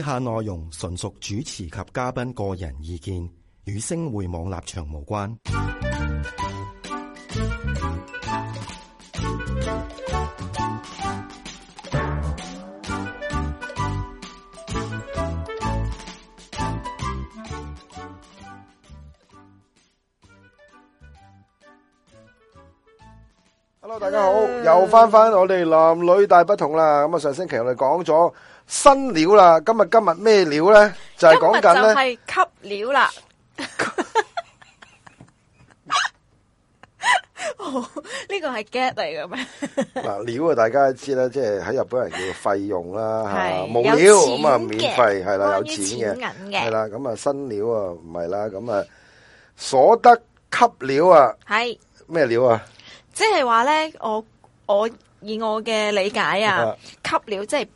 以下內容純屬主持及嘉賓個人意見，與星匯網立場無關。Hello，大家好，Yeah. 又返返我哋男女大不同啦。咁啊，上星期我哋講咗。新料啦！今日今日咩料咧？就係講緊咧。今日就係吸料啦。哦，呢個係 get 嚟嘅咩？嗱，料啊，大家都知啦，即係喺日本人叫費用啦，吓冇料咁啊，免費係啦，有錢嘅係啦，咁啊新料啊，唔係啦，咁啊所得吸料啊，係咩料啊？即係話咧，我我以我嘅理解啊，吸料即係。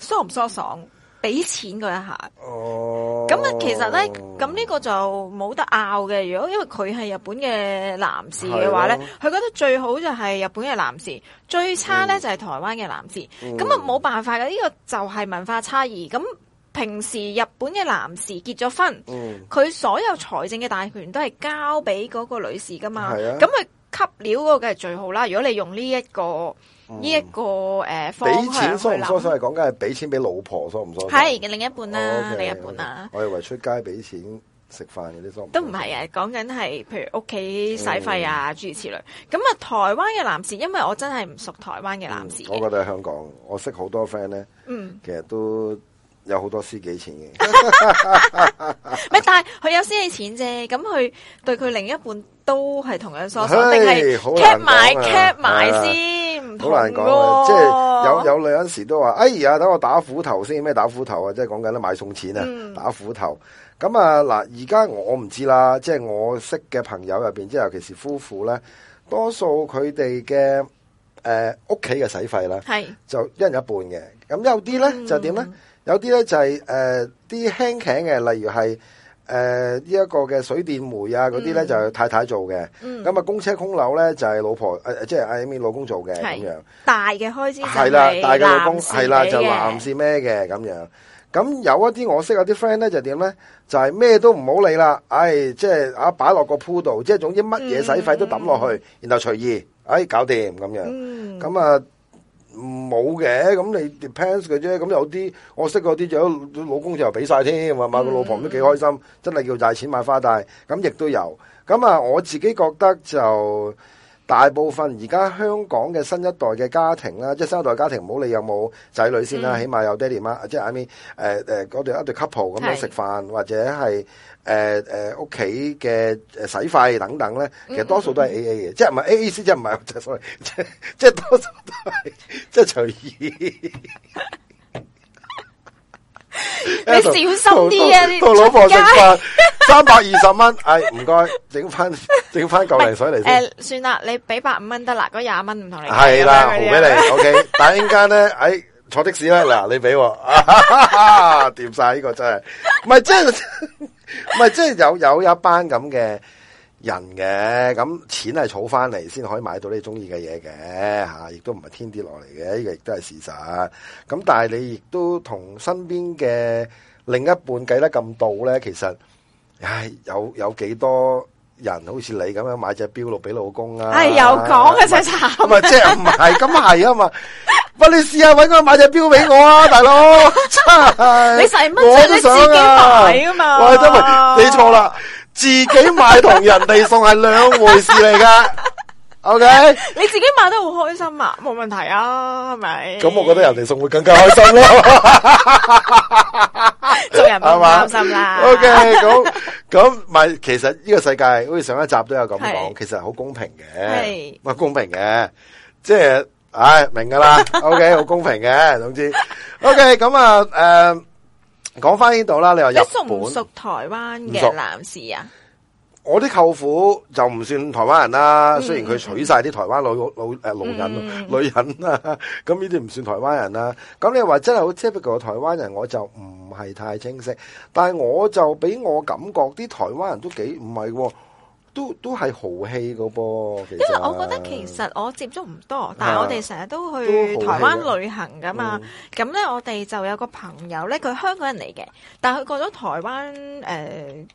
疏唔疏爽？俾錢佢一下。哦。咁啊，其實咧，咁呢個就冇得拗嘅。如果因為佢係日本嘅男士嘅話咧，佢、啊、覺得最好就係日本嘅男士，最差咧就係台灣嘅男士。咁啊、嗯，冇辦法嘅，呢、這個就係文化差異。咁、嗯、平時日本嘅男士結咗婚，佢、嗯、所有財政嘅大權都係交俾嗰個女士噶嘛。咁佢、啊、吸料嗰個梗係最好啦。如果你用呢、這、一個。呢一個誒，俾錢疏唔疏疏，係講緊係俾錢俾老婆疏唔疏？係嘅另一半啦，另一半啊。我以為出街俾錢食飯嗰啲都唔係啊，講緊係譬如屋企使費啊，諸如此類。咁啊，台灣嘅男士，因為我真係唔熟台灣嘅男士。我覺得喺香港，我識好多 friend 咧，嗯，其實都有好多私己錢嘅。唔係，但係佢有私己錢啫，咁佢對佢另一半都係同樣疏疏，定係 keep 埋 keep 埋先。好難講，即係有有女嗰時都話：哎呀，等我打斧頭先咩？打斧頭啊！即係講緊咧買餸錢啊！嗯、打斧頭咁啊！嗱，而家我唔知啦。即係我識嘅朋友入邊，即係尤其是夫婦咧，多數佢哋嘅、誒屋企嘅使費呢，係是 就一人一半嘅。咁有啲咧就點咧？嗯、有啲咧就係誒啲輕輕嘅，例如係。誒，呢一個嘅水電煤啊，嗰啲咧就太太做嘅。咁啊，供車供樓咧就係老婆誒誒，即係阿面老公做嘅咁樣。大嘅開支係啦，大嘅老公係啦，就男士咩嘅咁樣。咁有一啲我識有啲 friend 咧就點咧，就係咩都唔好理啦。哎，即係啊擺落個鋪度，即係總之乜嘢使費都抌落去，然後隨意，哎搞掂咁樣。咁啊。冇嘅，咁你 depends 嘅啫。咁有啲我識嗰啲，仲有老公就又俾曬添，咪買個老婆都幾開心，真係叫賺錢買花戴。咁亦都有。咁啊，我自己覺得就。大部分而家香港嘅新一代嘅家庭啦，即係新一代家庭，唔好理有冇仔女先啦，嗯、起碼有爹哋媽，即係 I mean，誒、呃、誒嗰度一對 couple 咁樣食飯，是或者係誒誒屋企嘅洗費等等咧，其實多數都係、嗯嗯嗯、A A 嘅， 即係唔係 A A 先，即係唔係即所謂即係即係多數都係即係隨意。 和你小心啲啊！到老婆食飯，三百二十蚊。唉，唔該、 哎，整翻整翻舊零水嚟先。誒，算啦，你俾百五蚊得啦，嗰廿蚊唔同你。係啦，豪俾你。O K，但係陣間，咧，哎，坐的士呢，嗱，你俾我，掂晒呢個真係，唔係即係，唔係即係有有一班咁嘅。人嘅咁錢係儲翻嚟先可以買到你中意嘅嘢嘅嚇，亦都唔係天跌落嚟嘅，呢、呢個亦都係事實。咁、啊、但係你亦都同身邊嘅另一半計得咁到咧，其實唉有有幾多？人好似你咁樣買隻表落俾老公啊！哎、啊，又講嘅真係慘。咁即係唔係咁係啊嘛！喂， 你試下揾我買隻表俾我啊，大佬！你使乜啫？我都想啊！自己買啊嘛！喂真係你錯啦，自己買同人哋送係兩回事嚟㗎。O K，你自己買得好開心啊，冇問題啊，係咪？咁我覺得人哋送會更加開心咯，做人唔開心啦。O K，咁咁咪其實呢個世界好似上一集都有咁講，其實好公平嘅，係係公平嘅，即係唉明噶啦。O K，好公平嘅，總之 O K，咁啊誒，講翻呢度啦。你話熟唔熟台灣嘅男士啊？我啲舅父就唔算台灣人啦，嗯、雖然佢娶晒啲台灣老老誒老，老人、嗯、女人啦、啊，咁呢啲唔算台灣人啦。咁你話真係好 special 嘅台灣人，我就唔係太清晰，但係我就俾我感覺啲台灣人都幾唔係喎。都都係豪氣個噃，因為我覺得其實我接觸唔多，啊、但係我哋成日都去台灣旅行噶嘛。咁咧，我哋就有個朋友咧，佢香港人嚟嘅，但係佢過咗台灣誒、呃、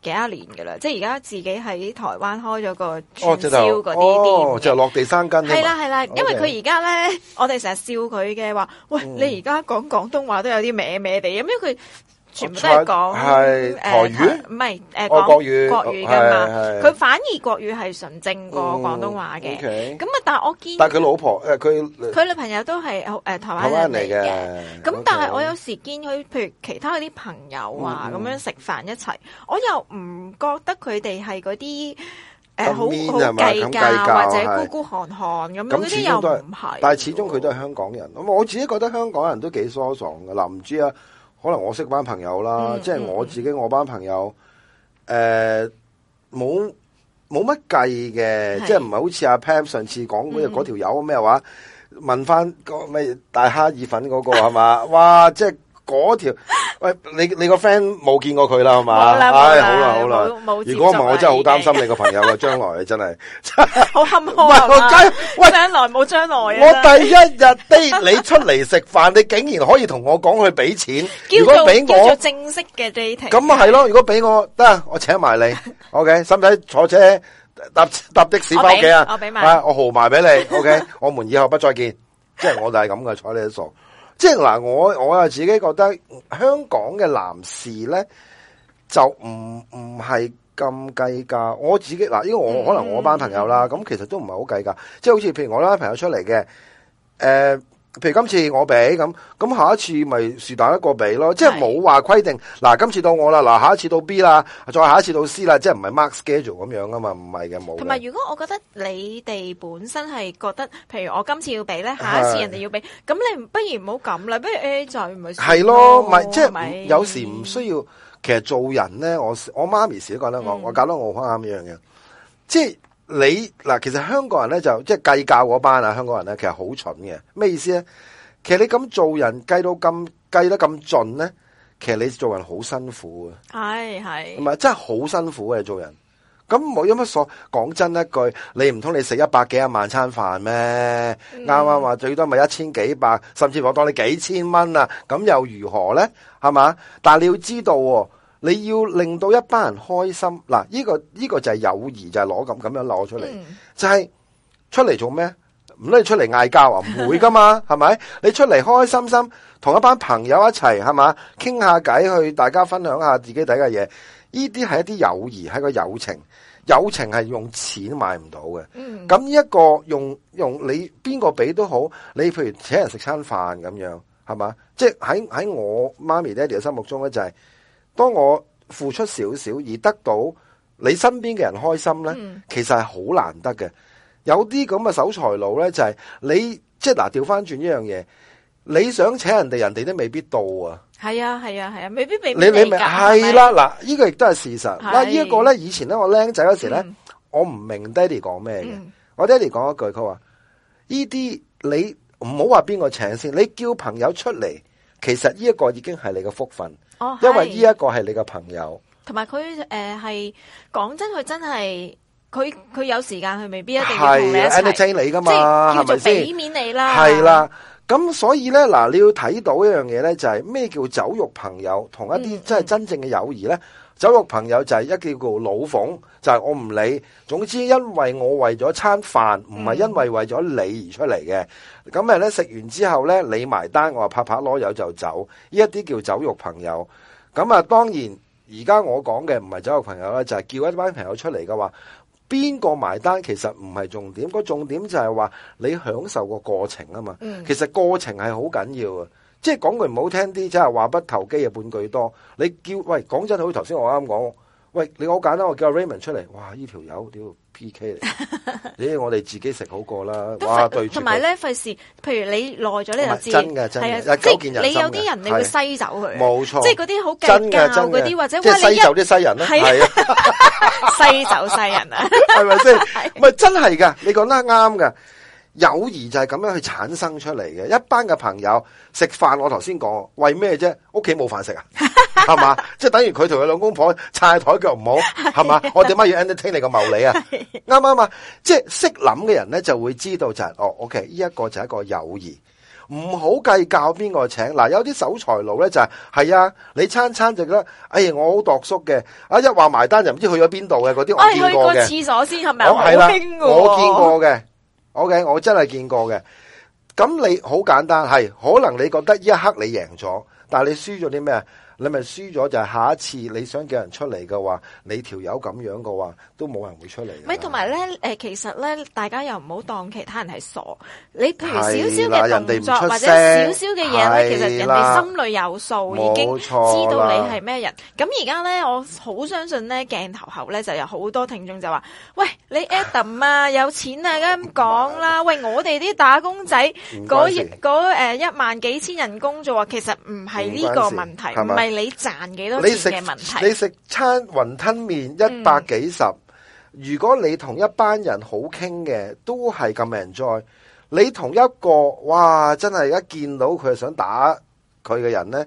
幾多年噶啦，即係而家自己喺台灣開咗個燒嗰啲、哦，哦就的落地生根，係啦係啦，因為佢而家咧，我哋成日笑佢嘅話，喂、嗯、你而家講廣東話都有啲歪歪地，因為佢。全部都係講誒台語，唔係誒講國語國語嘅嘛。佢反而國語係純正過廣東話嘅。咁啊，但係我見但係佢老婆誒佢佢女朋友都係誒台灣人嚟嘅。咁但係我有時見佢，譬如其他嗰啲朋友啊，咁樣食飯一齊，我又唔覺得佢哋係嗰啲誒好好計較或者孤孤寒寒咁樣嗰啲又唔係。但係始終佢都係香港人。咁我自己覺得香港人都幾疏爽㗎喇，唔知啊。可能我識班朋友啦，嗯、即係我自己、嗯、我班朋友，誒、呃，冇冇乜計嘅，是即係唔係好似阿 Pam 上次講嗰日嗰條友咩話？嗯、問翻、嗰個咪大蝦意粉嗰、嗰個係嘛？啊、吧哇！即係嗰條。 喂，你你個 friend 冇見過佢啦係嘛？好啦好啦，如果唔係我真係好擔心你個朋友啊，將來真係好坎坷。喂，將來冇將來啊！我第一日 date 你出嚟食飯，你竟然可以同我講去俾錢。如果俾我正式嘅 dating，咁啊係咯。如果俾我得，我請埋你。OK，使唔使坐車搭搭的士翻屋企啊？我俾埋，我豪埋俾你。OK，我們以後不再見，即係我就係咁嘅，睬你都傻。即係嗱，我我又自己覺得香港嘅男士呢就唔唔係咁計價。我自己嗱，因為我可能我班朋友啦，咁、mm hmm. 其實都唔係好計價。即係好似譬如我啦朋友出嚟嘅，誒、呃。譬如今次我俾咁，咁下一次咪是但一個俾咯，即係冇話規定。嗱是、啊，今次到我啦，嗱，下一次到 B 啦，再下一次到 C 啦，即係唔係 max schedule 咁樣㗎嘛？唔係嘅冇。同埋如果我覺得你哋本身係覺得，譬如我今次要俾咧，下一次人哋要俾，咁是你不如唔好咁啦，不如 A A 制咪係咯，咪即係有時唔需要。嗯、其實做人咧，我我媽咪時都覺得，我媽媽我，我搞到我好啱呢樣嘢，即係。你嗱，其實香港人咧就即係計較嗰班啊，香港人咧其實好蠢嘅。咩意思咧？其實你咁做人計到咁計得咁盡咧，其實你做人好辛苦啊。係係、哎，唔係真係好辛苦嘅做人。咁冇有乜所謂？講真一句，你唔通你食一百幾十萬餐飯咩？啱啱話最多咪一千幾百，甚至我當你幾千蚊啊，咁又如何咧？係嘛？但你要知道、哦。你要令到一班人開心，嗱，呢、這個呢、這個就係友誼，就係攞咁咁樣攞出嚟，嗯、就係出嚟做咩？唔通你出嚟嗌交啊？唔會噶嘛，係咪？ 你出嚟開開心心，同一班朋友一齊係嘛，傾下偈，去大家分享下自己睇嘅嘢。呢啲係一啲友誼，係個友情，友情係用錢買唔到嘅。咁呢一個用用你邊個俾都好，你譬如請人食餐飯咁樣，係嘛？即係喺喺我媽咪爹哋嘅心目中咧、就是，就係。當我付出少少而得到你身邊嘅人開心咧，嗯、其實係好難得嘅。有啲咁嘅守財佬咧，就係、是、你即係嗱，調翻轉呢樣嘢，你想請人哋，人哋都未必到啊。係啊，係啊，係啊，未必俾你，你明？係啦、啊。嗱吧，呢、呢個亦都係事實。嗱是，呢個、呢一個咧，以前咧，嗯、我僆仔嗰時咧，嗯、我唔明爹哋講咩嘅。我爹哋講一句，佢話：呢啲你唔好話邊個請先，你叫朋友出嚟。其實呢一個已經係你嘅福分，哦、因為呢一個係你嘅朋友，同埋佢，誒，係講真，佢真係佢，佢有時間，佢未必一定要同你一齊，即係嚟噶嘛，即係叫做俾面你啦，係啦吧。咁所以咧，嗱，你要睇到一樣嘢咧，就係咩叫酒肉朋友，同一啲真係真正嘅友誼咧。嗯嗯酒肉朋友就係一叫做老奉，就係、是、我唔理，總之因為我為咗餐飯，唔係因為為咗你而出嚟嘅。咁咪咧食完之後咧，你埋單，我話拍拍籮柚就走，呢一啲叫酒肉朋友。咁啊，當然而家我講嘅唔係酒肉朋友啦，就係、是、叫一班朋友出嚟嘅話，邊個埋單其實唔係重點，個重點就係話你享受個過程啊嘛。嗯、其實過程係好緊要啊。即係講句唔好聽啲，真係話不投機啊，半句多。你叫喂，講真，好似頭先我啱講，喂，你好簡單，我叫 Raymond 出嚟，哇！呢條友屌 PK 嚟，呢我哋自己食好過啦。哇！對住同埋咧，費事，譬如你耐咗呢，就真嘅真嘅，真你有啲人你會西走佢，冇錯。即係嗰啲好勁嗰啲，或者即係西走啲西人啊，西走西人啊，係咪先？咪真係㗎？你講得啱㗎。友誼就係咁樣去產生出嚟嘅，一班嘅朋友食飯，我頭先講，為咩啫？屋企冇飯食啊，係嘛？ 即係等於佢同佢兩公婆撐台腳唔好，係嘛？我點解要 entertain 你個茂利啊？啱啱啊！即係識諗嘅人咧，就會知道就係、是、哦，OK，呢一個就係一個友誼，唔好計較邊個請。嗱、呃，有啲守財奴咧就係、是，係啊，你餐餐就覺得，哎我好度縮嘅，啊一話埋單就唔知去咗邊度嘅嗰啲，我見過嘅。去廁所先係咪？我係啦，我見過嘅。OK，我真係見過嘅。咁你好簡單，係可能你覺得一刻你贏咗，但係你輸咗啲咩啊？你咪輸咗就係下一次你想叫人出嚟嘅話，你條友咁樣嘅話都冇人會出嚟。唔係同埋咧，誒其實咧，大家又唔好當其他人係傻。你譬如少少嘅動作或者少少嘅嘢咧，的其實人哋心裏有數的已經知道你係咩人。咁而家咧，我好相信咧，鏡頭後咧就有好多聽眾就話，喂，你 Adam 啊， 有錢啊，咁講啦。 喂，我哋啲打工仔嗰一，誒一萬幾千人工啫喎，其實唔係呢個問題唔係你賺幾多錢嘅問題？你食餐雲吞麵一百幾十，嗯、如果你同一班人好傾嘅，都係咁 enjoy 你同一個，哇，真係一見到佢想打佢嘅人咧。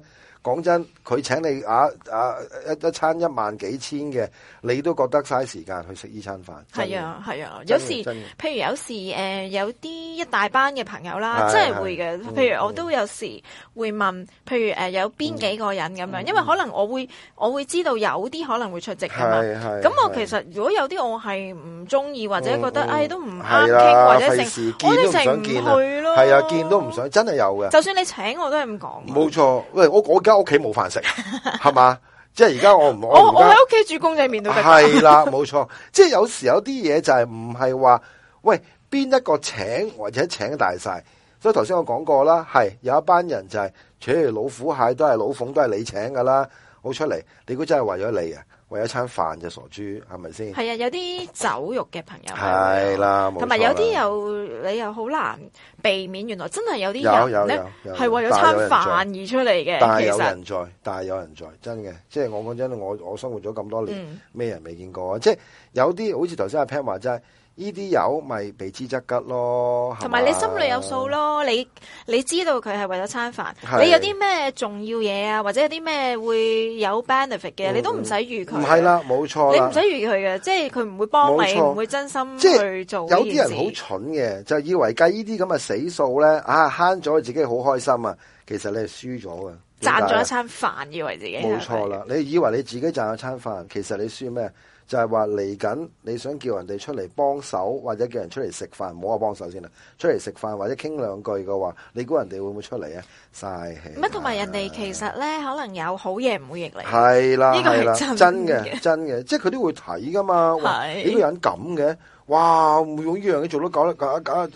講真，佢請你啊啊一一餐一萬幾千嘅，你都覺得嘥時間去食呢餐飯。係啊係啊，有時譬如有時誒，有啲一大班嘅朋友啦，即係會嘅。譬如我都有時會問，譬如誒有邊幾個人咁樣，因為可能我會我會知道有啲可能會出席噶嘛。係係。咁我其實如果有啲我係唔中意或者覺得誒都唔啱傾，或者成我哋成唔去見咯。係啊，見都唔想，真係有嘅。就算你請我都係咁講。冇錯，喂，我屋企冇飯食，係嘛？ 即係而我家我唔我我喺屋企煮公仔麵都得。係啦，冇錯。即係有時候有啲嘢就係唔係話，喂，邊一個請或者請大晒。所以頭先我講過啦，係有一班人就係、是，除咗老虎蟹都係老馮都係你請噶啦。出嚟，你估真係為咗你啊？為咗餐飯就傻豬係咪先？係啊，有啲酒肉嘅朋友係啦，同埋有啲又，你又好難避免。原來真係有啲人咧係為咗餐飯而出嚟嘅。大有人在，大有人在，真嘅。即係我講真，我我生活咗咁多年，咩人未見過啊？即係有啲好似頭先阿 Pan 話齋呢啲有咪被知質吉咯，同埋你心裏有數咯，吧你你知道佢係為咗餐飯，是你有啲咩重要嘢啊，或者有啲咩會有 benefit 嘅，嗯、你都唔使預佢。唔係啦，冇錯啦，你唔使預佢嘅，即係佢唔會幫你，唔錯會真心去做。有啲人好蠢嘅，就以為計呢啲咁嘅死數咧，啊慳咗自己好開心啊，其實你係輸咗噶，賺咗一餐飯，以為自己冇錯啦，你以為你自己賺咗餐飯，其實你輸咩？就係話嚟緊，你想叫人哋出嚟幫手，或者叫人出嚟食飯，唔好話幫手先啦。出嚟食飯或者傾兩句嘅話，你估人哋會唔會出嚟啊？嘥氣！乜同埋人哋其實咧，可能有好嘢唔會逆你。係啦、啊，呢個係真真嘅，真嘅，即係佢都會睇㗎嘛。係呢是、啊、個人咁嘅，哇！用呢樣嘢做到搞得搞搞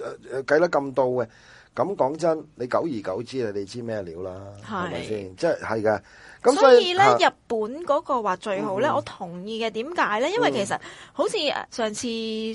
得咁多嘅，咁講真，你久而久之啊，你知咩料啦？係咪先？即係係嘅。所以咧，日本嗰個話最好咧，我同意嘅。點解咧？因為其實好似上次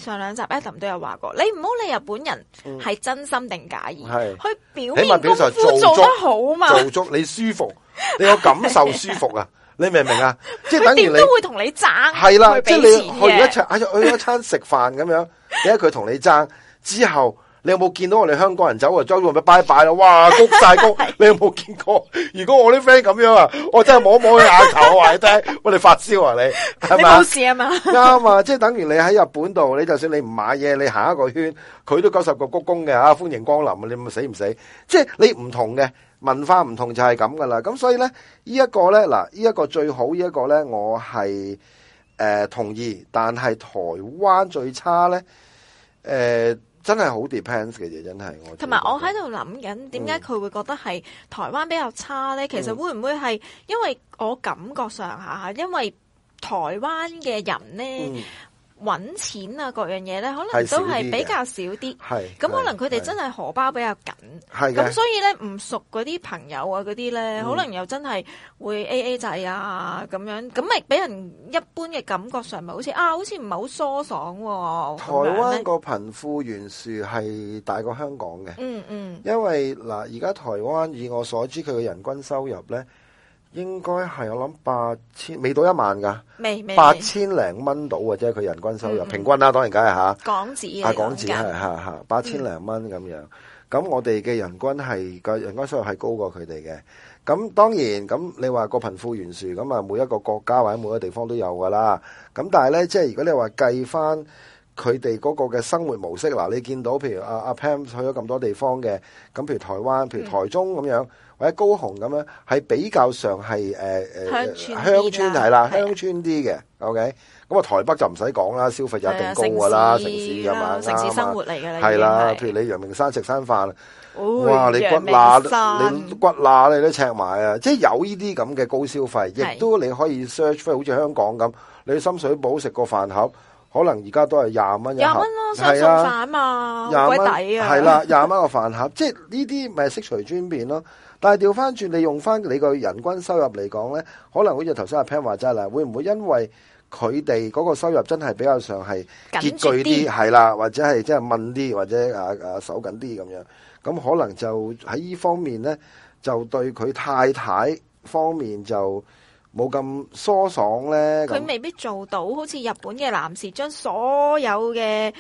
上兩集 Adam 都有話過，你唔好理日本人係真心定假意，佢表面功夫做得好嘛，做足你舒服，你個感受舒服啊？你明唔明啊？即係等於你都會同你爭，係啦，即係你去一場去一餐食飯咁樣，點解佢同你爭之後？你有冇見到我哋香港人走啊？走完咪拜拜咯！哇，鞠晒躬！你有冇見過？如果我啲 friend 咁樣啊，我真係摸摸佢額頭，話你聽，我哋發燒啊，你係咪？你冇事啊嘛？啱啊！即係等於你喺日本度，你就算你唔買嘢，你行一個圈，佢都九十個鞠躬嘅啊！歡迎光臨啊！你咪死唔死？即係你唔同嘅文化唔同就係咁噶啦。咁所以咧，呢個、呢一個咧嗱，呢、呢、一個最好、呢個、呢一個咧，我係誒、呃、同意，但係台灣最差咧誒。呃真係好 depends 嘅嘢，真係我。同埋我喺度諗緊，點解佢會覺得係台灣比較差呢？嗯嗯，其實會唔會係因為我感覺上下，因為台灣嘅人呢。揾錢啊，各樣嘢咧，可能都係比較少啲。係。咁可能佢哋真係荷包比較緊。係嘅。咁所以咧，唔熟嗰啲朋友啊呢，嗰啲咧，可能又真係會 A A 制啊咁樣，咁咪俾人一般嘅感覺上咪好似啊，好似唔係好疏爽喎、啊。台灣個貧富懸殊係大過香港嘅、嗯。嗯嗯。因為嗱，而家台灣以我所知，佢嘅人均收入咧。應該係我諗八千未到一萬㗎，未未八千零蚊到或者佢人均收入、嗯、平均啦、啊，當然梗係嚇港紙啊，港紙係嚇嚇八千零蚊咁樣。咁、嗯、我哋嘅人均係個人均收入係高過佢哋嘅。咁當然咁，你話個貧富懸殊咁啊，每一個國家或者每個地方都有㗎啦。咁但係咧，即係如果你話計翻佢哋嗰個嘅生活模式嗱，你見到譬如阿阿 Pam 去咗咁多地方嘅，咁譬如台灣，譬如台中咁樣。嗯或者高雄咁樣，係比較上係誒誒鄉村，鄉村係啦，鄉村啲嘅，OK。咁啊台北就唔使講啦，消費就一定高㗎啦，城市係嘛？城市生活嚟㗎啦，係啦。譬如你陽明山食餐飯，哇！你骨乸，你骨乸，你都赤埋啊！即係有呢啲咁嘅高消費，亦都你可以 search 好似香港咁，你深水埗食個飯盒，可能而家都係廿蚊一盒。廿蚊咯，嘛，好抵啊！係啦，廿蚊個飯盒，即係呢啲咪識隨尊便咯。但係調翻轉，用你用翻你個人均收入嚟講呢，可能好似頭先阿 Pan 話齋啦，會唔會因為佢哋嗰個收入真係比較上係拮據啲，係啦，或者係即係問啲，或者啊啊守緊啲咁樣，咁可能就喺呢方面呢，就對佢太太方面就冇咁疏爽呢。佢未必做到，好似日本嘅男士將所有嘅。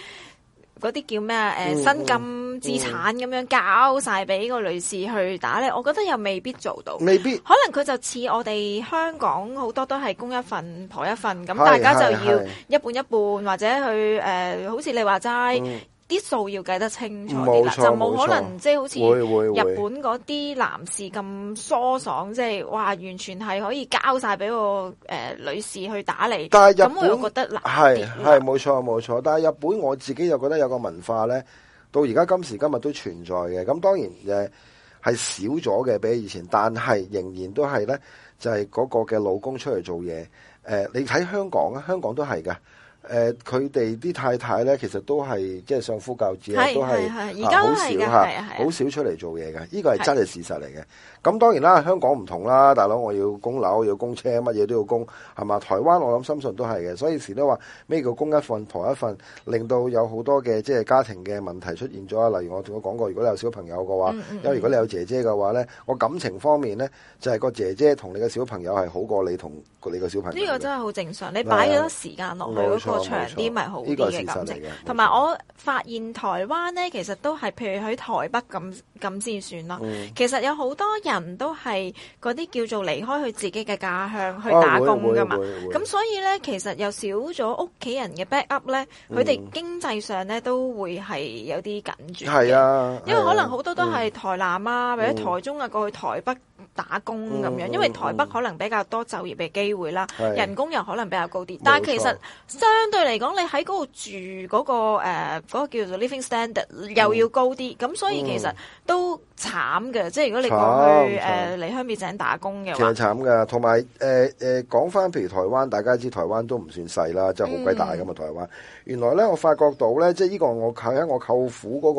嗰啲叫咩？誒、呃嗯嗯、身家資產咁樣交晒俾個女士去打理，嗯、我覺得又未必做到，未必可能佢就似我哋香港好多都係公一份，婆一份，咁大家就要一半一半，或者去誒、呃，好似你話齋。嗯。啲數要計得清楚錯就冇可能錯即係好似日本嗰啲男士咁疏爽，會即係哇，完全係可以交曬俾個、呃、女士去打理。但係日本我又覺得係，係冇錯冇錯，但係日本我自己又覺得有個文化呢，到而家今時今日都存在嘅。咁當然係少咗嘅比以前，但係仍然都係呢，就係、是、嗰個嘅老公出嚟做嘢。你睇香港啊，香港都係噶。誒，佢哋啲太太咧，其實都係即係相夫教子，都係而家好少好少出嚟做嘢嘅。呢個係真係事實嚟嘅。咁當然啦，香港唔同啦，大佬我要供樓，要供車，乜嘢都要供係嘛？台灣我諗深信都係嘅。所以時都話咩叫供一份婆一份，令到有好多嘅即係家庭嘅問題出現咗。例如我同佢講過，如果你有小朋友嘅話，因為如果你有姐姐嘅話咧，我感情方面咧，就係個姐姐同你嘅小朋友係好過你同你個小朋友。呢個真係好正常。你擺咗多時間落去嗰哦、長啲咪好啲嘅感情，同埋我發現台灣呢，其實都係譬如喺台北咁咁先算咯。嗯、其實有好多人都係嗰啲叫做離開佢自己嘅家鄉、啊、去打工噶嘛。咁所以呢，其實又少咗屋企人嘅 back up 呢，佢哋、嗯、經濟上呢，都會係有啲緊張。係啊，因為可能好多都係台南啊，或者、嗯、台中啊，嗯、過去台北。打工咁樣，因為台北可能比較多就業嘅機會啦，嗯嗯、人工又可能比較高啲。是但其實相對嚟講，你喺嗰度住嗰、嗰個誒嗰、呃嗰個、叫做 living standard 又要高啲，咁、嗯、所以其實都慘嘅。嗯、即係如果你過去誒嚟香港打工嘅，係慘㗎。同埋誒誒講翻，譬如台灣，大家知台灣都唔算細啦，就好鬼大㗎嘛！嗯、台灣原來呢，我發覺到呢，即係呢個我靠喺我舅父嗰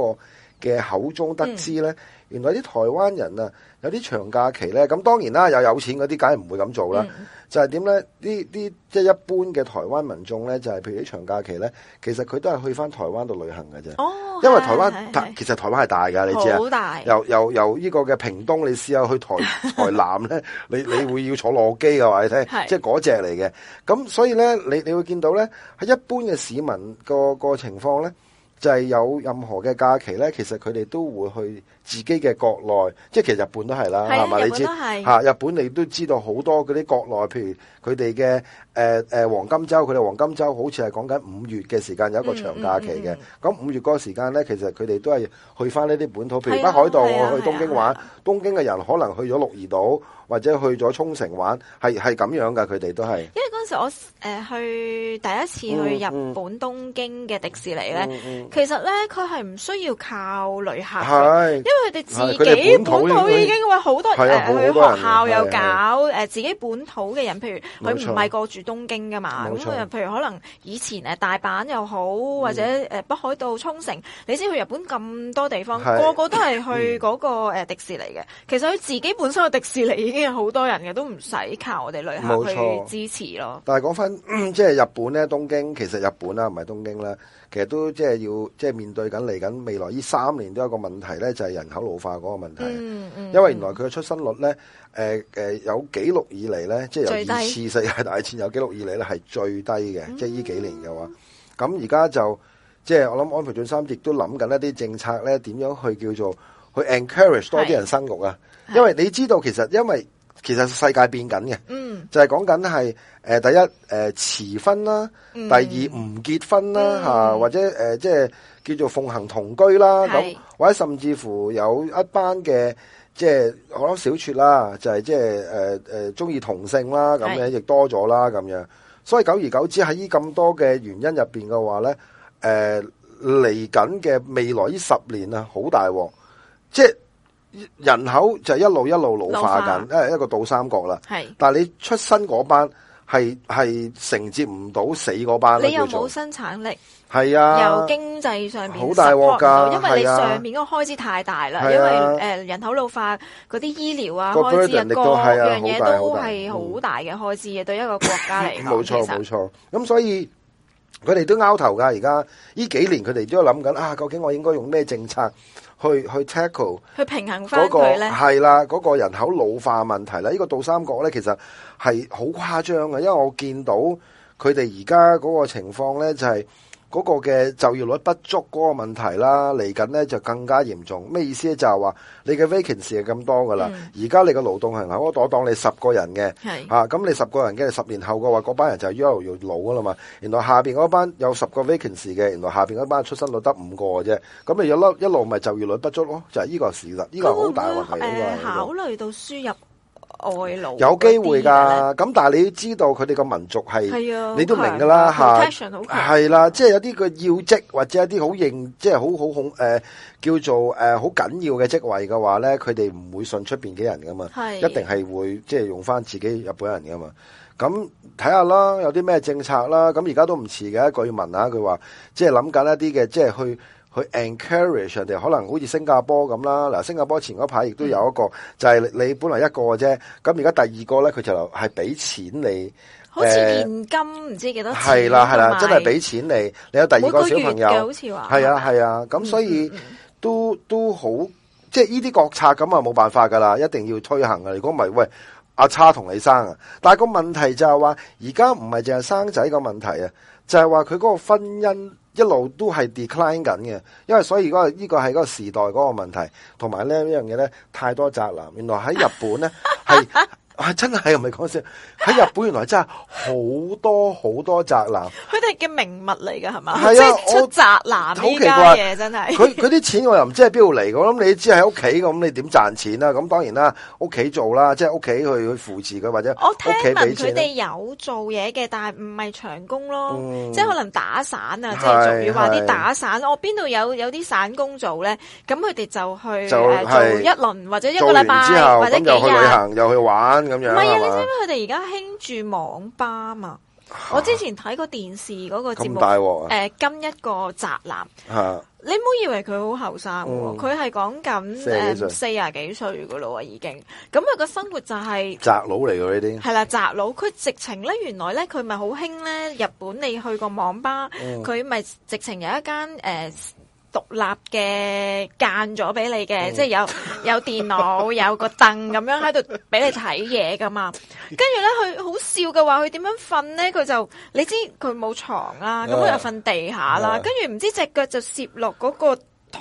個嘅口中得知呢。嗯原來啲台灣人啊，有啲長假期咧，咁當然啦，有有錢嗰啲梗係唔會咁做啦、嗯。就係點咧？呢啲即係一般嘅台灣民眾咧，就係、是、譬如啲長假期咧，其實佢都係去翻台灣度旅行嘅啫。哦，因為台灣是是是其實台灣係大㗎，是是你知啊，好大由由由呢個嘅屏東，你試下去台台南咧， 你你會要坐落機嘅話，你聽，即係嗰隻嚟嘅。咁所以咧，你你會見到咧，喺一般嘅市民個、嗰個情況咧。就係有任何嘅假期呢，其實佢哋都會去自己嘅國內，即係其實日本都係啦，係嘛、啊？係吧係你知嚇、啊、日本你都知道好多嗰啲國內，譬如佢哋嘅誒誒黃金週，佢哋黃金週好似係講緊五月嘅時間有一個長假期嘅。咁五、嗯嗯嗯、月嗰個時間呢，其實佢哋都係去翻呢啲本土，譬如北海道、啊啊、去東京玩。東京嘅人可能去咗鹿兒島，或者去咗沖繩玩，係係咁樣嘅。佢哋都係因為嗰陣時我誒去第一次去日本東京嘅迪士尼咧，其實咧佢係唔需要靠旅客，因為佢哋自己本土已經有好多人去學校又搞誒自己本土嘅人，譬如佢唔係過住東京噶嘛，咁佢啊譬如可能以前誒大阪又好，或者誒北海道、沖繩，你知去日本咁多地方，個個都係去嗰個迪士尼。其實佢自己本身嘅迪士尼已經有好多人嘅，都唔使靠我哋旅客去支持咯。但係講翻即係日本咧，東京，其實日本啦，唔係東京啦，其實都即係要即係面對緊嚟緊未來呢三年都有個問題咧，就係、是、人口老化嗰個問題。嗯嗯、因為原來佢嘅出生率咧，誒、呃、誒、呃、有記錄以嚟咧，即係由二次世界大戰有記錄以嚟咧係最低嘅，即係呢幾年嘅話。咁而家就即係我諗安倍晉三亦都諗緊一啲政策咧，點樣去叫做。會 encourage 多啲人生育啊是，因為你知道其實是因為其實世界變緊嘅，嗯、就係講緊係誒第一誒遲、呃、婚啦，嗯、第二唔結婚啦吓、嗯啊，或者誒即係叫做奉行同居啦，咁是或者甚至乎有一班嘅即係好諗小說啦，就係即係誒誒中意同性啦，咁樣是亦多咗啦咁樣，所以久而久之喺呢咁多嘅原因入邊嘅話咧，誒嚟緊嘅未來呢十年啊，好大鑊。即係人口就一路一路老化緊，一個倒三角啦。係。但係你出生嗰班係係承接唔到死嗰班。你又冇生產力。係是啊。由經濟上面好大鑊噶，因為你上面嗰個開支太大啦。是啊、因為誒人口老化，嗰啲醫療啊開支啊各樣嘢都係好大嘅開支嘅，對一個國家嚟講。冇錯冇錯。咁所以佢哋都拗頭噶，而家呢幾年佢哋都諗緊啊，究竟我應該用咩政策？去去 tackle、嗰個、去平衡翻嗰個係啦，嗰、嗰個人口老化問題啦，呢、呢個倒三角咧，其實係好誇張嘅，因為我見到佢哋而家嗰個情況咧就係、是。嗰個嘅就業率不足嗰個問題啦，嚟緊呢就更加嚴重。咩意思呢？就係、是、話你嘅 working 時係咁多㗎喇。而家、嗯、你個勞動人口我當你十，是的、啊、你十個人嘅，咁你十個人嘅十年後嘅話，嗰班人就係一路要老㗎喇嘛。原來下面嗰班有十個 working 時嘅，原來下面嗰班出生率得五個嘅啫。咁咪一粒一路咪就業率不足咯。就係、是、呢個事啦，呢、這個好大嘅問題。嗯外勞，有機會㗎，咁但係你要知道佢哋個民族係，是啊、你都明㗎啦嚇，係啦，即係、啊就是、有啲個要職或者一啲好認，即係好好恐誒叫做誒好緊要嘅職位嘅話咧，佢哋唔會信出邊嘅人㗎嘛，係、啊、一定係會即係、就是、用翻自己日本人㗎嘛。咁睇下啦，有啲咩政策啦，咁而家都唔遲嘅，一個要問下佢話說，即係諗緊一啲嘅，即、就、係、是、去。去 encourage 人哋，可能好似新加坡咁啦。嗱，新加坡前嗰排亦都有一個，嗯、就係你本來一個嘅啫。咁而家第二個呢，佢就係俾錢你，好似現金唔知幾多錢。係啦係啦，啊啊、真係俾錢你。你有第二個小朋友，好似話、係啊係啊。咁、啊啊嗯、所以都都好，即係呢啲國策咁啊，冇辦法噶啦，一定要推行嘅。如果唔係，喂，阿叉同你生啊。但係個問題就係話，而家唔係淨係生仔個問題啊，就係話佢嗰個婚姻。一路都係 decline 緊嘅，因為所以嗰、那、呢個係嗰、這個、個時代嗰個問題，同埋咧呢樣嘢咧太多宅男，原來喺日本咧係。 係真係，唔係講笑。喺日本原來真係好多好多宅男，佢哋嘅名物嚟㗎，係嘛？係啊，出宅男好家嘅嘢真係。佢啲錢我又唔知喺邊度嚟，咁我諗你知喺屋企，咁你點賺錢啊？咁當然啦，屋企做啦，即係屋企去去扶持佢或者。我聽聞佢哋有做嘢嘅，但係唔係長工咯，即係可能打散啊，即係仲要話啲打散。我邊度有有啲散工做咧？咁佢哋就去就做一輪，或者一個禮拜，或者唔係啊！嗎你知唔知佢哋而家興住網吧嘛？啊、我之前睇過電視嗰個節目，誒跟、啊呃、一個宅男。嚇、啊！你唔好以為佢好後生喎，佢係講緊誒四廿幾歲嘅咯喎已經。咁佢個生活就係、是、宅佬嚟嘅。呢啲。係啦，宅佬佢直情咧，原來咧佢咪好興咧日本。你去過網吧，佢咪、嗯、直情有一間誒。呃獨立嘅間咗俾你嘅，oh. 即係有有電腦，有個凳咁樣喺度俾你睇嘢噶嘛。跟住咧，佢好笑嘅話，佢點樣瞓咧？佢就你知佢冇床啦、啊，咁佢又瞓地下啦。Yeah. 跟住唔知隻腳就攝落嗰個。台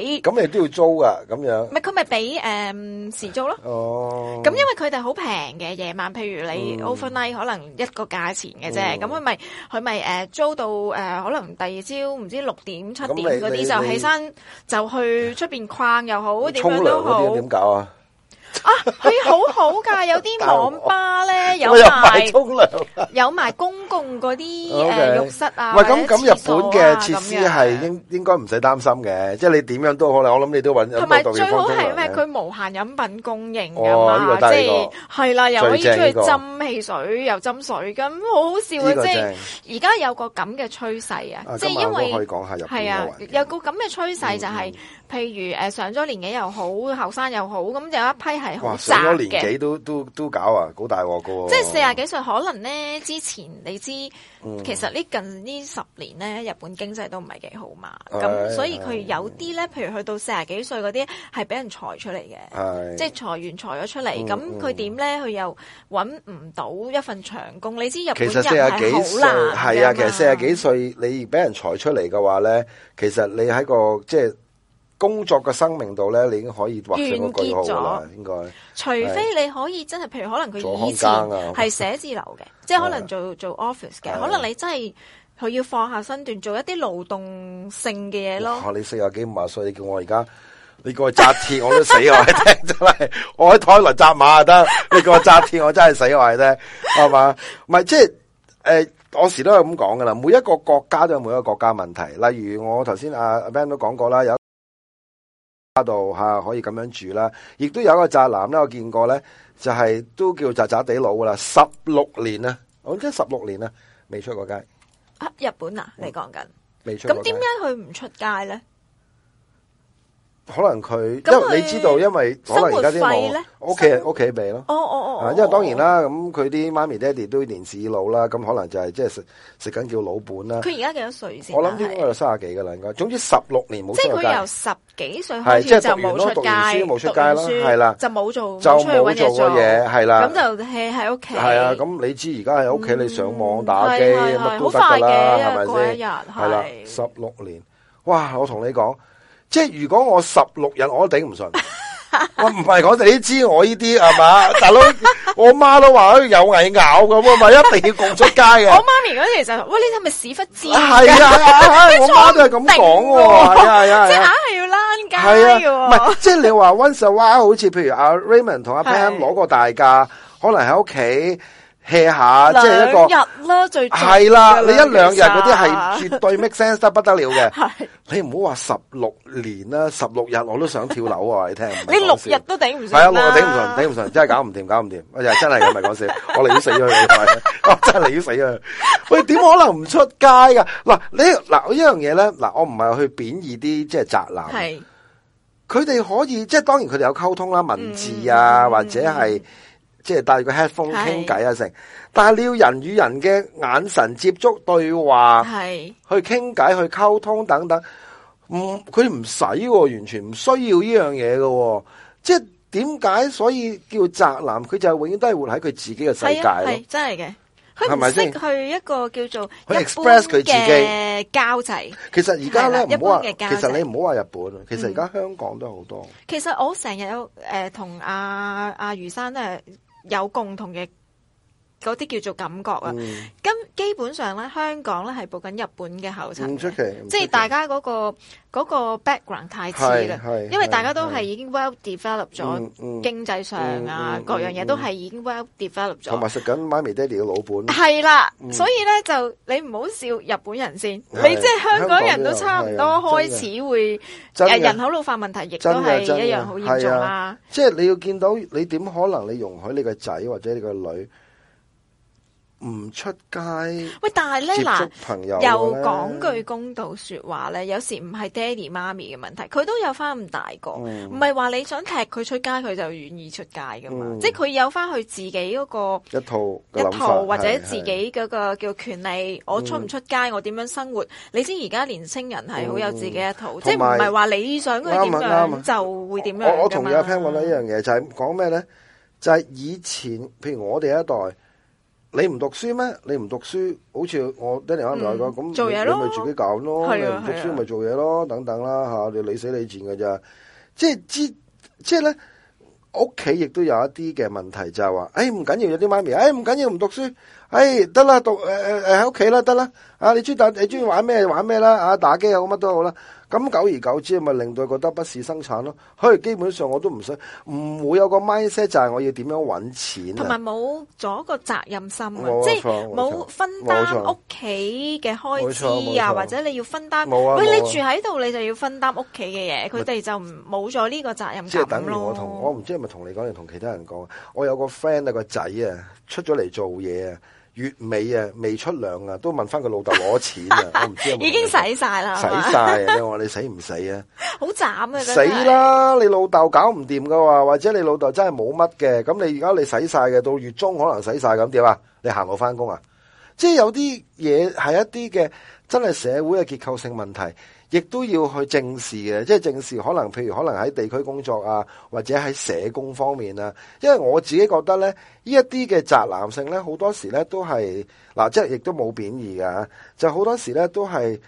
底，咁你都要租噶咁樣，唔係佢咪俾誒時租咯？哦，咁因為佢哋好平嘅，夜晚，譬如你 overnight 可能一個價錢嘅啫，咁佢咪佢咪誒租到誒可能第二朝唔知六點七點嗰啲就起身就去出邊逛又好，點樣都好。沖涼嗰啲點搞啊？啊，佢好好噶，有啲網吧咧有埋沖涼，有埋公。供嗰啲浴室啊，唔咁咁日本嘅設施係應應該唔使擔心嘅，即係你點樣都可能。我諗你都揾有同埋最好係咩？佢無限飲品供應㗎嘛，即係係啦，又可以出去斟汽水又斟水咁，好好笑啊，即係而家有個咁嘅趨勢啊，即係因為係啊，有個咁嘅趨勢就係譬如誒上咗年紀又好，後生又好，咁就有一批係學生，上咗年紀都都都搞啊，好大鑊個。即係四廿幾歲可能咧之前你。知、嗯、其實呢近呢十年咧，日本經濟都唔係幾好嘛，咁、哎、所以佢有啲咧，哎、譬如去到四十幾歲嗰啲，係俾人裁出嚟嘅。哎、即係裁完裁咗出嚟，咁佢點咧？佢、嗯、又揾唔到一份長工。你知日本其實四十幾好難係啊，其實四十幾歲你俾人裁出嚟嘅話咧，其實你喺個即係。工作嘅生命度咧，你已經可以畫上個句號啦，應該。除非你可以真係，譬如可能佢以前係寫字樓嘅，即係、啊、可能做、啊、做 office 嘅，啊、可能你真係佢要放下身段做一啲勞動性嘅嘢咯。你四廿幾五廿歲，你叫我而家你叫我紮鐵，我都死外啫，真係。我喺台南紮馬得，你叫我紮鐵， 鐵，我真係死外啫，係嘛？ 唔係， 即係誒，當、呃、時都係咁講噶啦。每一個國家都有每一個國家問題。例如我頭先阿 Ben 都講過啦，有。度吓可以咁樣住啦，亦都有一個宅男咧，我見過咧，就係都叫宅宅地佬噶啦，十六年啊，我諗即係十六年啊，未出過街啊，日本啊，你講緊，咁點解佢唔出街咧？可能佢，因為你知道，因為可能而家啲屋企人屋企俾咯。哦哦哦。因為當然啦，咁佢啲媽咪爹哋都年事老啦，咁可能就係即係食食緊叫老本啦。佢而家幾多歲先？我諗應該有卅幾噶啦，應該。總之十六年冇。即係佢由十幾歲開始就冇出街，冇出街咯，係啦。就冇做，就冇做過嘢，係啦。咁就係喺屋企。係啊，咁你知而家喺屋企，你上網打機，乜都得㗎啦，係咪先？係啦，十六年，哇！我同你講。即係如果我十六日我都頂唔順，我唔係講你知我呢啲係嘛，大佬，我媽都話有蟻咬咁，唔係一定要共出街嘅。我媽咪嗰時就話，喂，你係咪屎忽尖？係啊，我媽都係咁講，真係啊，即係硬係要躝街，係啊，唔係即係、啊、你話 once a while 好似譬如阿 Raymond 同阿 Pan 攞個是大價，可能喺屋企，hea 下，即係一個兩日啦，最係啦，你一兩日嗰啲係絕對 make sense 得不得了嘅。你唔好話十六年啦，十六日我都想跳樓啊！你聽唔明，你六日都頂唔順，係啊，六日頂唔順，頂唔順，真係搞唔掂，搞唔掂。我又真係咁咪講笑，我寧願死咗佢快，真係嚟要死啊！喂，點可能唔出街㗎？嗱，你嗱呢樣嘢咧，嗱，我唔係去貶義啲即係宅男，係佢哋可以即係當然佢哋有溝通啦，文字啊或者係。即係戴住個 headphone 傾偈啊，成但係你要人與人嘅眼神接觸、對話，是的 去傾偈、去溝通等等，唔佢唔使，完全唔需要呢樣嘢嘅。即係點解？所以叫宅男，佢就係永遠都係活喺佢自己嘅世界咯。真係嘅，佢唔係識去一個叫做。佢 express 佢自己交際。其實而家咧，唔好話。其實你唔好話日本，其實而家香港都好多、嗯。其實我成日有誒同阿阿余生咧。有共同嘅。嗰啲叫做感覺啊，咁基本上咧，香港咧係步緊日本嘅後塵，唔出奇，即係大家嗰個嗰個 background 太似啦，係，因為大家都係已經 well develop 咗經濟上啊，各樣嘢都係已經 well develop 咗，同埋食緊媽咪爹哋嘅老本，係啦，所以咧就你唔好笑日本人先，你即係香港人都差唔多開始會人口老化，問題亦都係一樣好嚴重啊，即係你要見到你點可能你容許你個仔或者你個女？唔出街，喂！但係咧嗱，又講句公道說話咧，有時唔係爹哋媽咪嘅問題，佢都有翻咁大個，唔係話你想踢佢出街，佢就願意出街噶嘛？即係佢有翻佢自己嗰個一套一套或者自己嗰個叫權利，我出唔出街，我點樣生活？你知而家年青人係好有自己一套，即係唔係話你想佢點樣就會點樣。我同阿 Pen 講到一樣嘢，就係講咩咧？就係以前，譬如我哋一代。你唔讀書咩？你唔讀書，好似我爹哋阿媽講咁，嗯、你咪事自己搞咯，咪唔、啊、讀書咪是、啊、做嘢咯，等等啦吓，你理死你賤㗎咋？即係知，即係咧，屋企亦都有一啲嘅問題，就係、是、話，誒唔緊要，有啲媽咪，誒唔緊要唔讀書，誒得啦讀，誒誒誒喺屋企啦，得啦。啊！你中意打，你中意玩咩玩咩啦嚇，打機又乜都好啦。咁久而久之，咪令到佢覺得不事生產咯。佢基本上我都唔想，唔會有個 mindset 就係我要點樣揾錢，同埋冇咗個責任心，即係冇分擔屋企嘅開支啊，錯或者你要分擔。冇錯喂，你住喺度，你就要分擔屋企嘅嘢。佢哋、啊啊、就冇咗呢個責任心。即係等於我同我唔知係咪同你講定同其他人講？我有個 friend 啊，個仔啊，出咗嚟做嘢啊。月尾啊，未出糧啊，都問翻個老豆攞錢啊， 我唔知有冇已經使曬啦，使曬，你話你使唔使啊？好慘吧啊！ 啊死啦！你老豆搞唔掂噶話，或者你老豆真係冇乜嘅，咁你而家你使曬嘅，到月中可能使曬咁點啊？你行路翻工啊？即係有啲嘢係一啲嘅，真係社會嘅結構性問題。亦都要去正視嘅，即係正視可能，譬如可能喺地區工作啊，或者喺社工方面啊。因為我自己覺得呢，呢一啲嘅宅男性呢，好多時呢都係嗱，即係亦都冇貶義㗎，就好多時呢都係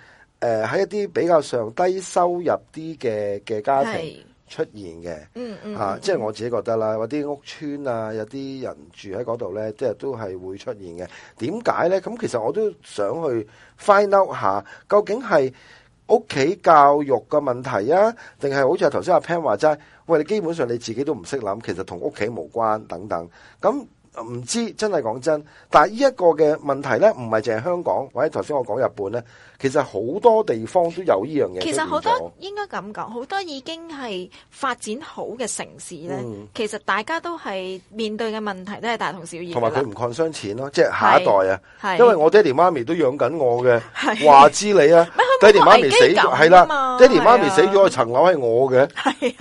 誒喺一啲比較上低收入啲嘅嘅家庭出現嘅是、啊嗯，嗯嗯，啊、即係我自己覺得啦，有啲屋村啊，有啲人住喺嗰度呢，即係都係會出現嘅。點解呢？咁其實我都想去 find out 下，究竟係。屋企教育嘅問題啊，定係好似頭先阿 Pan 話齋，餵你基本上你自己都唔識諗，其實同屋企無關等等。咁唔知真係講真，但係呢一個嘅問題咧，唔係淨係香港或者頭先我講日本咧，其實好多地方都有呢樣嘢。其實好多應該咁講，好多已經係發展好嘅城市咧，其實大家都係面對嘅問題都係大同小異，同埋佢唔抗傷錢咯，即係下一代啊，因為我爹哋媽咪都養緊我嘅，話之你啊。 爹哋媽咪死咗，係啦。爹哋媽咪死咗，層樓係我嘅，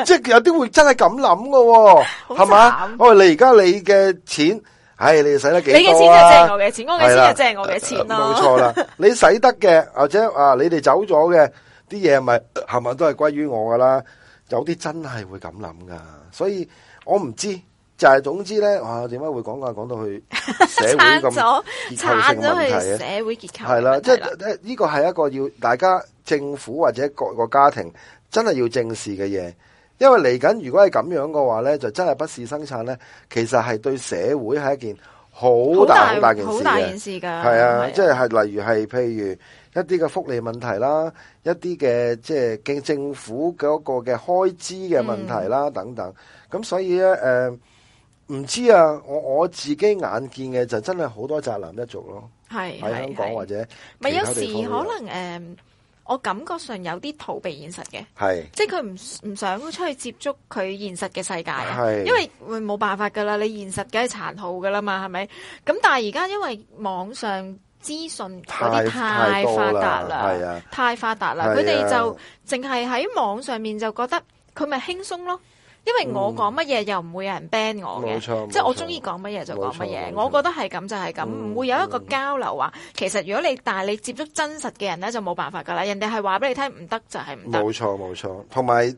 即係有啲會真係咁諗嘅，係嘛？我話你而家你嘅錢，係你使得幾多啦？你嘅錢就即係我嘅錢，我嘅錢就即係我嘅錢咯。冇錯啦，你使得嘅或者啊，你哋走咗嘅啲嘢，咪係咪都係歸於我噶啦？有啲真係會咁諗噶，所以我唔知。就係總之咧，哇、啊！點解會講話講到去社會咁結構性問題啊？撐咗 去社會結構係啦，的即係呢個係一個要大家政府或者各個家庭真係要正視嘅嘢，因為嚟緊如果係咁樣嘅話咧，就真係不事生產咧。其實係對社會係一件好大好大，大件事大件事㗎，係啊，即係例如係譬如一啲嘅福利問題啦，一啲嘅即係政政府嗰個嘅開支嘅問題啦、嗯、等等。咁所以咧，呃唔知啊，我我自己眼見嘅就真係好多宅男一族咯，喺香港或者唔係有，有時可能誒、呃，我感覺上有啲逃避現實嘅，係是即係佢唔唔想出去接觸佢現實嘅世界，啊是，因為會冇辦法噶啦，你現實梗係殘酷噶啦嘛，係咪？咁但係而家因為網上資訊嗰啲太發達啦，係啊，太發達啦，佢哋、啊、就淨係喺網上面就覺得佢咪輕鬆咯。因為我講乜嘢又唔會有人 ban 我嘅，即係我中意講乜嘢就講乜嘢，我覺得係咁就係咁，唔會有一個交流話。嗯、其實如果你但係你接觸真實嘅人咧，就冇辦法噶啦，人哋係話俾你聽唔得就係唔得。冇錯冇錯，同埋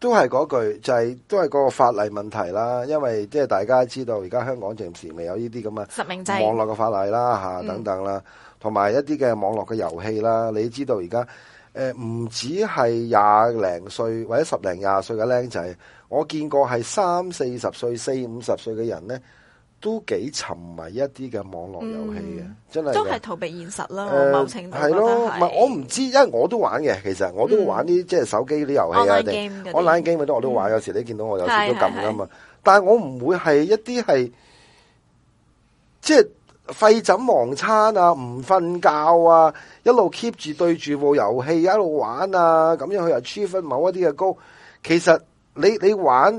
都係嗰句就係、是、都係嗰個法例問題啦。因為即係大家知道而家香港暫時未有呢啲咁嘅實名制網絡嘅法例啦吓名、啊、等等啦，同埋一啲嘅網絡嘅遊戲啦。嗯、你知道而家誒唔止係廿零歲或者十零廿歲嘅僆仔。我見過係三四十歲、四五十歲嘅人咧，都幾沉迷一啲嘅網絡遊戲嘅，嗯、真係都係逃避現實咯係、呃、咯，唔係我唔知，因為我都玩嘅。其實我都玩啲、嗯、即係手機啲遊戲啊，玩《online game》嗰啲，嗯、我都玩。有時你見到我有時都撳噶嘛，對對對，但係我唔會係一啲係即係廢枕忘餐啊，唔瞓覺啊，一路 keep 住對住部遊戲一路玩啊，咁樣去 achieve 某一啲嘅 goal，其實。你你玩，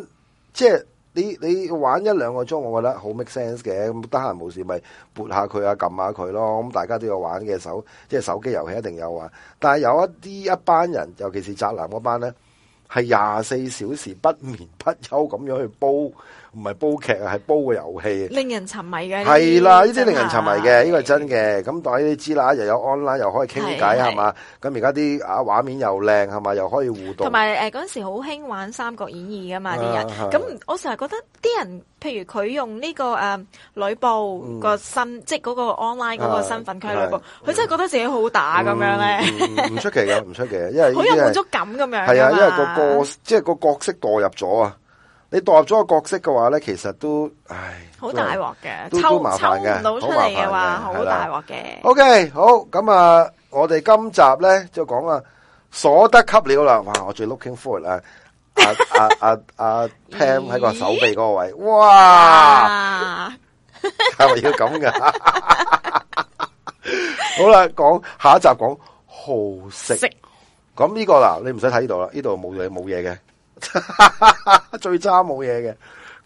即係你你玩一兩個鐘，我覺得好 make sense 嘅。咁得閒冇事咪撥下佢啊，撳下佢咯。咁大家都有玩嘅手，即係手機遊戲一定有玩。但係有一啲一班人，尤其是宅男嗰班咧，係廿四小時不眠不休咁樣去煲。唔係煲劇啊，係煲個遊戲。令人沉迷嘅係啦，呢啲令人沉迷嘅，呢個係真嘅。咁但家但係你知啦，又有 online，又可以傾偈，係嘛。咁而家啲啊畫面又靚，係嘛，又可以互動。同埋誒，嗰陣時好興玩《三國演義》噶嘛啲人。咁我成日覺得啲人，譬如佢用呢個誒呂布個身，即係嗰個 online 嗰個身份區呂布，佢真係覺得自己好打咁樣咧。唔出奇嘅，唔出奇嘅，因為好有滿足感咁樣。係啊，因為個個即係個角色代入咗啊。你代入咗個角色嘅話咧，其實都，唉，好大鑊嘅，都都麻煩嘅，抽唔到出嚟嘅話，好大鑊嘅。OK，好，咁啊，我哋今集咧就講啊，所得給了啦，哇，我最 looking forward 啊，啊啊啊啊，Pam 喺個手臂嗰位，哇，係咪要咁噶？好啦，講下一集講好食，咁呢個嗱，你唔使睇呢度啦，呢度冇嘢，冇嘢嘅。 最渣冇嘢嘅，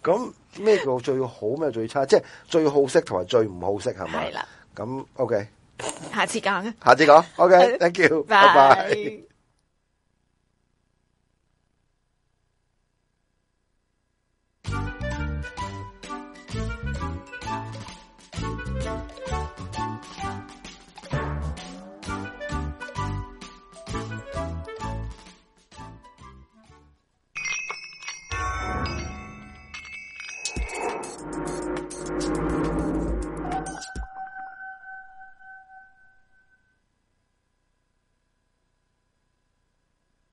咁咩叫最好？咩最差？即係最好色同埋最唔好色，係咪？係啦了，咁 OK，下次講，下次講，OK， Thank you，拜拜 Bye。Bye bye